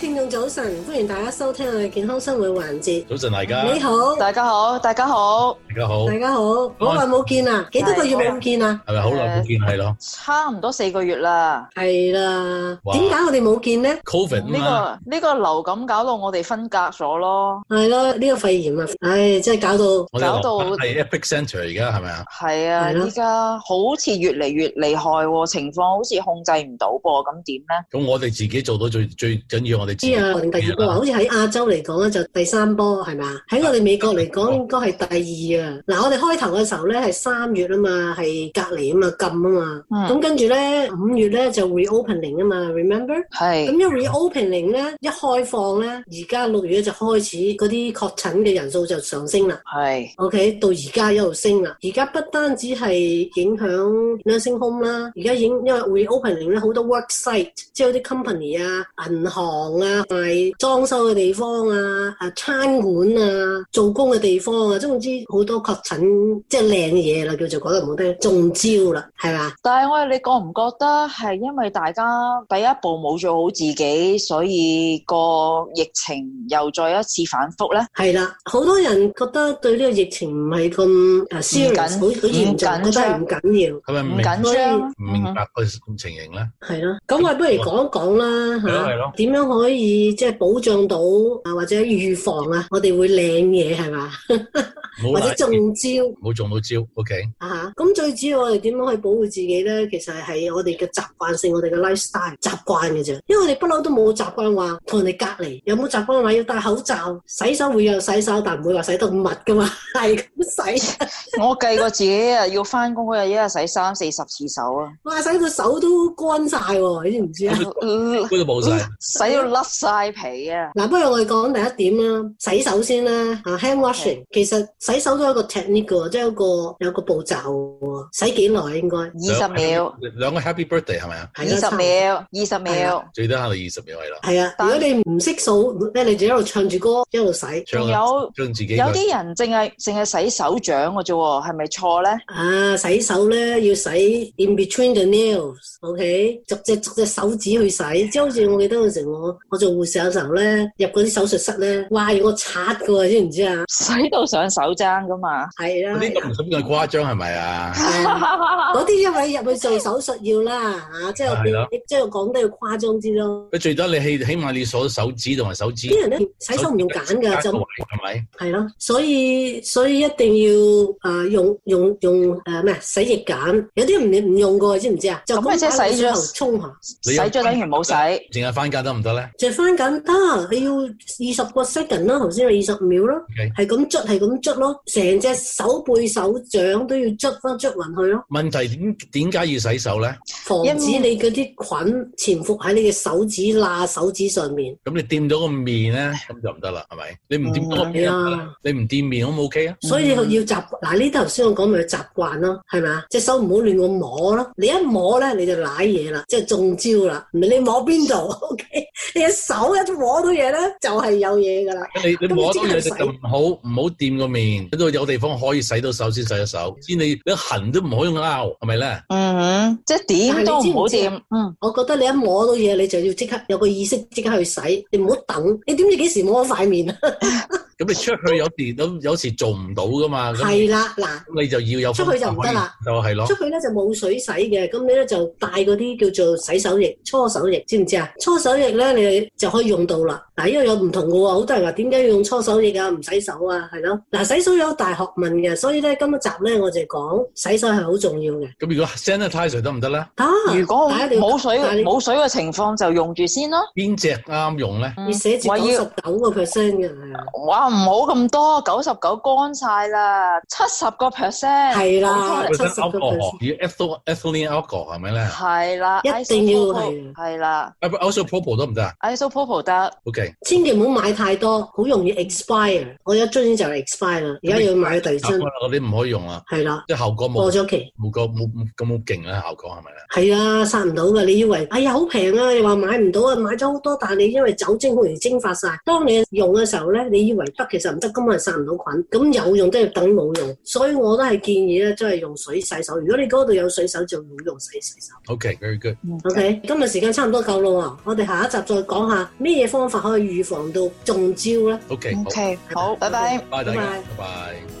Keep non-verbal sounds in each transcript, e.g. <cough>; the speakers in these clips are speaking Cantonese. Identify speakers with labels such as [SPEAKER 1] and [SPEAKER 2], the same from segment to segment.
[SPEAKER 1] 聽眾早晨，歡迎大家收聽我哋健康生活環節。早晨大家，你好，大家好，大家好。大家好，大家好，好耐冇見啦，幾多個月冇見啊，係咪好耐冇見係咯、呃？差唔多四個月啦，係啦。點解我哋冇見咧？Covid 呢，嗯呢個呢，呢個流感搞到我哋分隔咗咯，係咯，呢、呢個肺炎啊，唉、哎，真、就、係、是、搞到搞到係
[SPEAKER 2] epic centre 而家係咪啊？
[SPEAKER 1] 係啊，而家好似越嚟越厲害，情況好似控制唔到噃，咁點咧？
[SPEAKER 2] 咁我哋自己做到最最緊要我自己，我哋知啊。就是、第、第二波啊好似喺
[SPEAKER 1] 亞洲嚟講咧，就第三波係咪啊？喺我哋美國嚟講，應該係第二啊。嗱，我哋開頭嘅時候咧係三月啊嘛，係隔離啊嘛，禁啊嘛，咁跟住咧五月咧就 reopening 啊嘛，remember？係，咁因為 reopening 咧一開放咧，而家六月咧就開始嗰啲確診嘅人數就上升啦，係，OK，到而家一路升啦，而家不單止係影響 nursing home 啦，而家影因為 reopening 咧好多 worksite，即係啲 company 啊、銀行啊、係裝修嘅地方啊、啊餐館啊、做工嘅地方啊，總之。好。都確診即係靚嘢啦，叫做覺得唔得，中招啦，係嘛？但係我哋你覺唔覺得係因為大家第一步冇做好自己，所以個疫情又再一次反覆咧？係啦，好多人覺得對呢個疫情唔係咁誒，燒緊唔緊張，覺得唔緊要，
[SPEAKER 2] 係咪？唔緊張，唔明白個情形咧？
[SPEAKER 1] 係咯，咁我哋不如講一講啦嚇，點樣可以即係保障到啊或者預防啊？我哋會靚嘢係嘛？
[SPEAKER 2] <laughs> 或中招，冇中到招，OK 吓，
[SPEAKER 1] 咁、啊、最主要我哋點樣可以保護自己咧？其實係我哋嘅習慣性，我哋嘅 lifestyle 習慣嘅啫。因為我哋不嬲都冇習慣話同人哋隔離，有冇習慣話要戴口罩、洗手會有洗手，但唔會話洗到咁密噶嘛，係咁洗。我計過自己啊， <laughs> 要翻工嗰日一日洗三四十次手啊，哇！洗到手都乾晒喎，你知唔知啊？嗯，嗰度冇晒，洗到甩晒皮啊！嗱、啊，不如我哋講第一點啦，洗手先啦，hand washing。其實洗手都。一個 technique，即係有個有個步驟嘅，使幾耐應該二十秒。
[SPEAKER 2] 兩個 Happy Birthday 係咪啊？二十
[SPEAKER 1] 秒，二十秒，
[SPEAKER 2] 最多係二十秒
[SPEAKER 1] 係啦。係啊，如果你唔識數咧，你就一路唱住歌一路洗。仲有
[SPEAKER 2] 自己有啲
[SPEAKER 1] 人淨係淨係洗手掌嘅啫，係咪錯咧？啊，洗手咧要洗 in between the nails，OK，、okay? 逐隻逐隻手指去洗。即係好似我記得嗰陣我我做護士嗰時候咧，入嗰啲手術室咧，哇，要我刷嘅，知唔知啊？洗到上手踭咁。係啊，呢啲
[SPEAKER 2] 唔使咁誇張係咪啊？
[SPEAKER 1] 嗰啲因為入去做手術要啦嚇，即係即係講得要誇張啲咯。
[SPEAKER 2] 佢最多你起起碼你鎖手指同埋手指。啲人咧洗手唔用梘㗎，就係咪？
[SPEAKER 1] 係咯，所以所以一定要啊用用用誒咩洗液梘，有啲唔唔用㗎，知唔知啊？咁即係洗咗後沖下，洗咗等於冇洗，
[SPEAKER 2] 淨係番梘得唔得咧？
[SPEAKER 1] 淨係番梘得，你要二十個 second 咯，頭先係二十秒咯，係咁捽係咁捽咯，成成隻手背、手掌都要捽翻捽勻去咯。
[SPEAKER 2] 問題點點解要洗手咧？
[SPEAKER 1] 防止你嗰啲菌潛伏喺你嘅手指罅、手指上面。
[SPEAKER 2] 咁、嗯、你掂咗個面咧，咁就唔得啦，係咪？你唔掂多你唔掂面都 O K 啊。
[SPEAKER 1] 所以你要習嗱，呢頭先我講咪習慣咯，係咪啊？隻手唔好亂咁摸咯，你一摸咧你就瀨嘢啦，即係中招啦。唔係你摸邊度？O K。Okay? 你隻手一摸到嘢咧，就係、是、有嘢噶啦。你你摸到嘢就
[SPEAKER 2] 唔好，唔好掂個面。喺有地方可以洗到手先洗一手，先你你痕都唔可以拗，係咪咧？嗯，
[SPEAKER 1] 即係點都唔好掂。嗯、就是，我覺得你一摸到嘢，你就要即刻有個意識，即刻去洗。你唔好等，你點知幾時摸塊面啊？ <laughs>
[SPEAKER 2] 咁你出去有時都有時做唔到噶嘛？係啦，嗱，你就要有出去就唔得啦，就係、是、咯。出去
[SPEAKER 1] 咧就冇水洗嘅，咁你咧就帶嗰啲叫做洗手液、搓手液，知唔知啊？搓手液咧你就可以用到啦。嗱、這個，因為有唔同嘅喎，好多人話點解要用搓手液啊？唔洗手啊？係咯。嗱，洗手有大學問嘅，所以咧今集咧我就講洗手係好重要嘅。
[SPEAKER 2] 咁如果 sanitiser 得唔得咧？
[SPEAKER 1] 啊，如果冇水冇水嘅情況就用住先咯。邊
[SPEAKER 2] 隻啱用咧？你寫
[SPEAKER 1] 住九十九個 percent 嘅。唔好咁多，九十九乾晒啦，七十個 percent。係啦，
[SPEAKER 2] 七十個 percent，ethylene alcohol 係咪咧？
[SPEAKER 1] 係啦，一定要
[SPEAKER 2] 係。係啦。isopropyl 得唔得
[SPEAKER 1] 啊？isopropyl 得。O.K. 千祈唔好買太多，好容易 expire。我一樽就 expire 啦，而家要買第二樽。
[SPEAKER 2] 你唔可以用啦。係啦。即係效果冇過咗期，冇咁冇咁好勁啦，效果
[SPEAKER 1] 係咪咧？係啊，殺唔到㗎。你以為哎呀好平啊，又話買唔到啊，買咗好多，但你因為酒精好容易蒸發晒。當你用嘅時候咧，你以為。其實唔得，根本係殺唔到菌。咁有用都要等冇用，所以我都係建議咧，即係用水洗手。如果你嗰度有水手，就唔好用洗洗手。
[SPEAKER 2] Okay, very good.
[SPEAKER 1] Okay，, okay. 今日時間差唔多夠啦，我哋下一集再講下咩嘢方法可以預防到中招咧。Okay，好，okay. 好，拜、okay. 拜。拜拜，
[SPEAKER 2] 拜拜。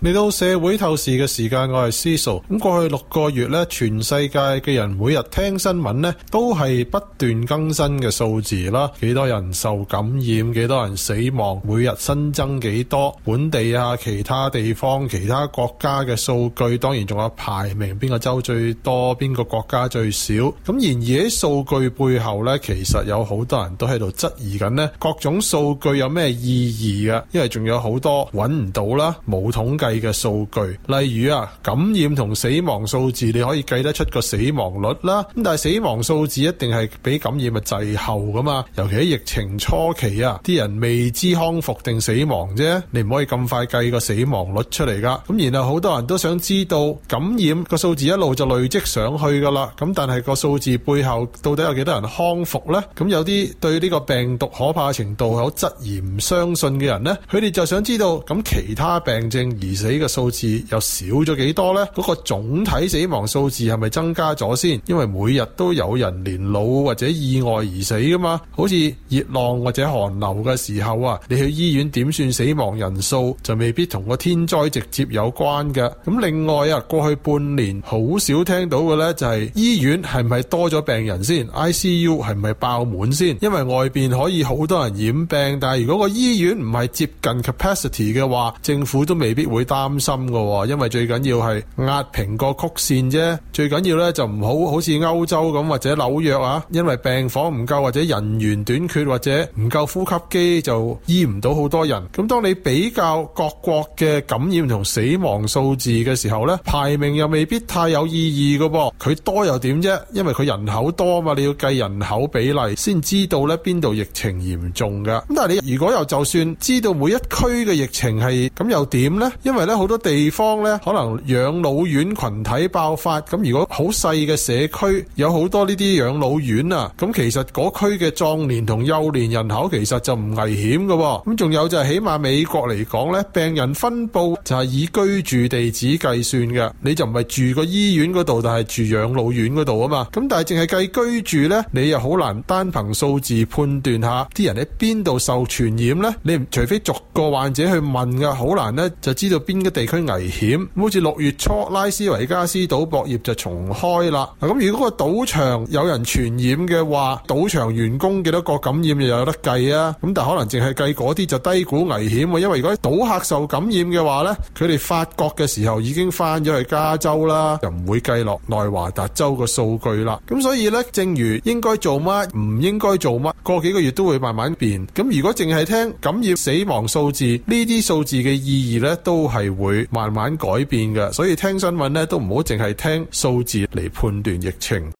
[SPEAKER 3] 嚟到社會透視嘅時間，我係思瑤。咁過去六個月咧，全世界嘅人每日聽新聞咧，都係不斷更新嘅數字啦。幾多人受感染，幾多人死亡，每日新增幾多？本地啊，其他地方、其他國家嘅數據，當然仲有排名，邊個州最多，邊個國家最少。咁然而喺數據背後咧，其實有好多人都喺度質疑緊呢，各種數據有咩意義啊？因為仲有好多揾唔到啦，冇統計。嘅數據，例如啊感染同死亡數字，你可以計得出個死亡率啦。咁但係死亡數字一定係比感染咪滯後噶嘛？尤其喺疫情初期啊，啲人未知康復定死亡啫，你唔可以咁快計個死亡率出嚟噶。咁然後好多人都想知道感染個數字一路就累積上去噶啦。咁但係個數字背後到底有幾多人康復呢？咁有啲對呢個病毒可怕程度有質疑唔相信嘅人呢，佢哋就想知道咁其他病症而死嘅數字又少咗幾多呢？嗰個總體死亡數字係咪增加咗先？因為每日都有人年老或者意外而死噶嘛。好似熱浪或者寒流嘅時候啊，你去醫院點算死亡人數就未必同個天災直接有關嘅。咁另外啊，過去半年好少聽到嘅呢，就係醫院係咪多咗病人先？ICU 係咪爆滿先？因為外邊可以好多人染病，但係如果個醫院唔係接近 capacity 嘅話，政府都未必會。擔心噶因為最緊要係壓平個曲線啫。最緊要咧就唔好好似歐洲咁或者紐約啊，因為病房唔夠或者人員短缺或者唔夠呼吸機就醫唔到好多人。咁當你比較各國嘅感染同死亡數字嘅時候咧，排名又未必太有意義噶。佢多又點啫？因為佢人口多啊嘛，你要計人口比例先知道咧邊度疫情嚴重噶。咁但係你如果又就算知道每一區嘅疫情係咁又點呢？因為因為咧好多地方咧，可能養老院群體爆發，咁如果好細嘅社區有好多呢啲養老院啊，咁其實嗰區嘅壯年同幼年人口其實就唔危險噶，咁仲有就係起碼美國嚟講咧，病人分布就係以居住地址計算嘅，你就唔係住個醫院嗰度，就係住養老院嗰度啊嘛，咁但係淨係計居住咧，你又好難單憑數字判斷下啲人喺邊度受傳染咧，你除非逐個患者去問噶，好難咧就知道。邊個地區危險？好似六月初拉斯維加斯賭博業就重開啦。咁如果個賭場有人傳染嘅話，賭場員工幾多個感染又有得計啊？咁但係可能淨係計嗰啲就低估危險，因為如果賭客受感染嘅話呢，佢哋發覺嘅時候已經翻咗去加州啦，就唔會計落內華達州個數據啦。咁所以呢，正如應該做乜唔應該做乜，過幾個月都會慢慢變。咁如果淨係聽感染死亡數字，呢啲數字嘅意義呢，都係。係會慢慢改變嘅，所以聽新聞咧都唔好淨係聽數字嚟判斷疫情。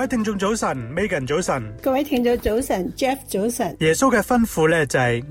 [SPEAKER 4] 各
[SPEAKER 5] 位聽眾，早晨，Megan。早晨，各位聽眾，早晨，Jeff。早晨，耶穌嘅吩咐呢，就係，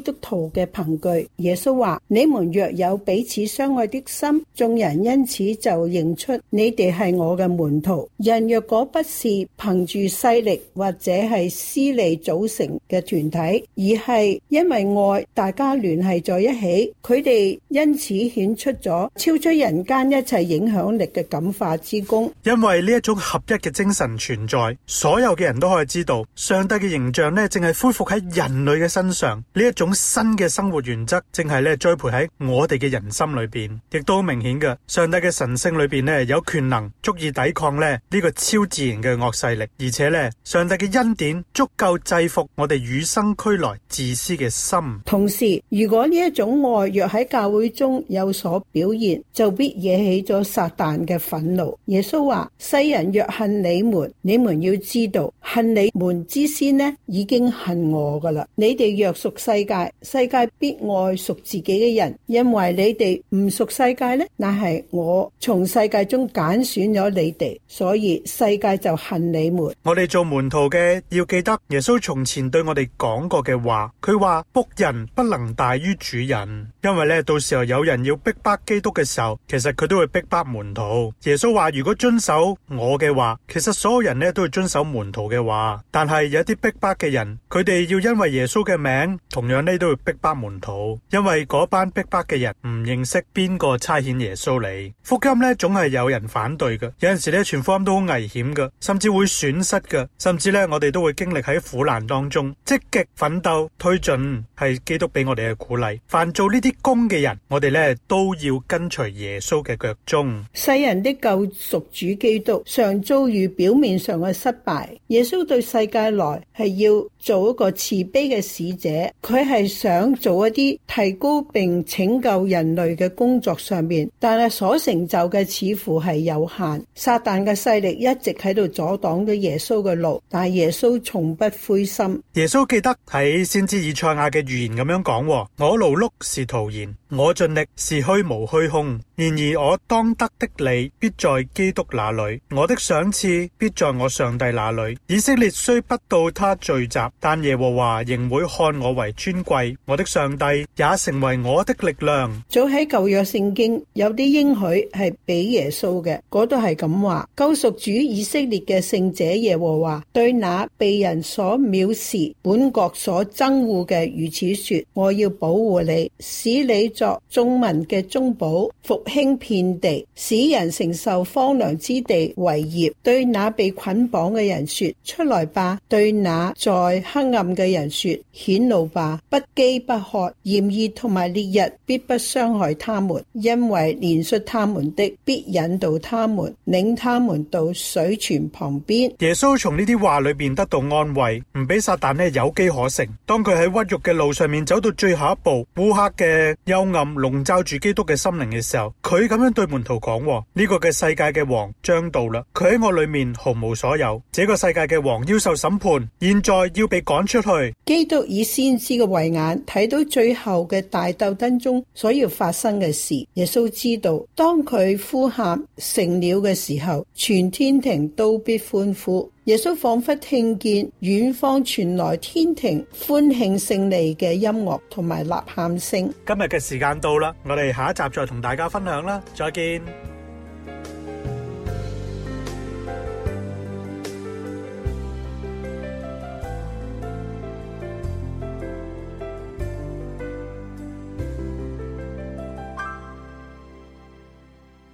[SPEAKER 4] 基督徒嘅憑據，耶穌話：你們若有彼此相愛的心，眾人因此就認出你哋係我嘅門徒。人若果不是憑住勢力或者係私利組成嘅團體，而係因為愛大家聯繫在一起，佢哋因此顯出咗超出人間一切影響力嘅感化之功。
[SPEAKER 5] 因為呢一種合一嘅精神存在，所有嘅人都可以知道，上帝嘅形象咧，淨係恢復喺人類嘅身上呢一種，種新嘅生活原則正，正係咧栽培喺我哋嘅人心裏邊，亦都好明顯嘅。上帝嘅神性裏邊咧，有權能足以抵抗咧呢、這個超自然嘅惡勢力，而且呢，上帝嘅恩典足夠制服我哋與生俱來自私嘅心。
[SPEAKER 4] 同時，如果呢一種愛若喺教會中有所表現，就必惹起咗撒旦嘅憤怒。耶穌話：世人若恨你們，你們要知道，恨你們之先咧已經恨我噶啦。你哋若屬世。界，世界必愛屬自己嘅人，因為你哋唔屬世界呢，但係我從世界中揀選咗你哋，所以世界就恨你們。
[SPEAKER 5] 我哋做門徒嘅要記得耶穌從前對我哋講過嘅話，佢話，僕人不能大於主人，因為咧到時候有人要逼迫基督嘅時候，其實佢都會逼迫門徒。耶穌話，如果遵守我嘅話，其實所有人咧都會遵守門徒嘅話，但係有啲逼迫嘅人，佢哋要因為耶穌嘅名同樣，呢都會逼迫門徒，因為嗰班逼迫嘅人唔認識邊個差遣耶穌你。福音呢，總係有人反對嘅，有陣時傳福音都好危險噶，甚至會損失噶，甚至呢，我哋都會經歷喺苦難當中，積極奮鬥推進係基督俾我哋嘅鼓勵。凡做呢啲功嘅人，我哋呢都要跟隨耶穌嘅腳蹤。
[SPEAKER 4] 世人的救贖主基督常遭遇表面上嘅失敗，耶穌對世界來係要做一個慈悲嘅使者，佢。係想做一啲提高並拯救人類嘅工作上面，但係所成就嘅似乎係有限。撒旦嘅勢力一直喺度阻擋咗耶穌嘅路，但係耶穌從不灰心。
[SPEAKER 5] 耶穌記得喺先知以賽亞嘅預言咁樣講：我勞碌是徒然，我盡力是虛無虛空。然而我當得的，你必在基督那裏，我的賞賜必在我上帝那裏。以色列雖不到他聚集，但耶和華仍會看我為尊貴，我的上帝也成為我的力量。
[SPEAKER 4] 早喺舊約聖經有啲應許係俾耶穌嘅，嗰度係咁話。救贖主以色列嘅聖者耶和華對那被人所藐視、本國所憎惡嘅如此說：我要保護你，使你作眾民嘅中保。服。輕遍地，使人承受荒涼之地為業。對那被捆綁嘅人說：出來吧！對那在黑暗嘅人說：顯露吧！不飢不渴，炎熱同埋烈日必不傷害他們，因為憐恤他們的必引導他們，領他們到水泉旁邊。
[SPEAKER 5] 耶穌從呢啲話裏邊得到安慰，唔俾撒旦呢有機可乘。當佢喺屈辱嘅路上面走到最後一步，烏黑嘅幽暗籠罩住基督嘅心靈嘅時候。佢咁樣對門徒講：呢、這個嘅世界嘅王將到啦，佢喺我裏面毫無所有。這個世界嘅王要受審判，現在要被趕出去。
[SPEAKER 4] 基督以先知嘅慧眼睇到最後嘅大鬥爭中所要發生嘅事，耶穌知道當佢呼喊成了嘅時候，全天庭都必歡呼。耶穌仿佛聽見遠方傳來天庭歡慶勝利嘅音樂同埋吶喊聲。
[SPEAKER 5] 今日嘅時間到啦，我哋下一集再同大家分享啦，再見。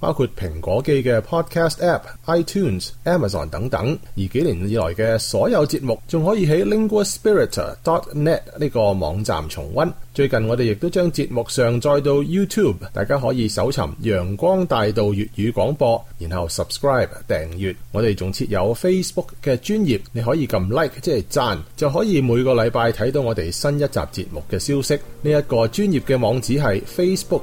[SPEAKER 3] 包括蘋果機嘅 Podcast App、iTunes、Amazon 等等，而幾年以來嘅所有節目仲可以喺 linguaspirit.net 呢個網站重溫。最近我哋亦都將節目上載到 YouTube，大家可以搜尋《陽光大道粵語廣播》，然後 subscribe 訂閱。我哋仲設有 Facebook 嘅專頁，你可以撳 Like 即係讚，就可以每個禮拜睇到我哋新一集節目嘅消息。呢、這、一個專頁嘅網址係 Facebook。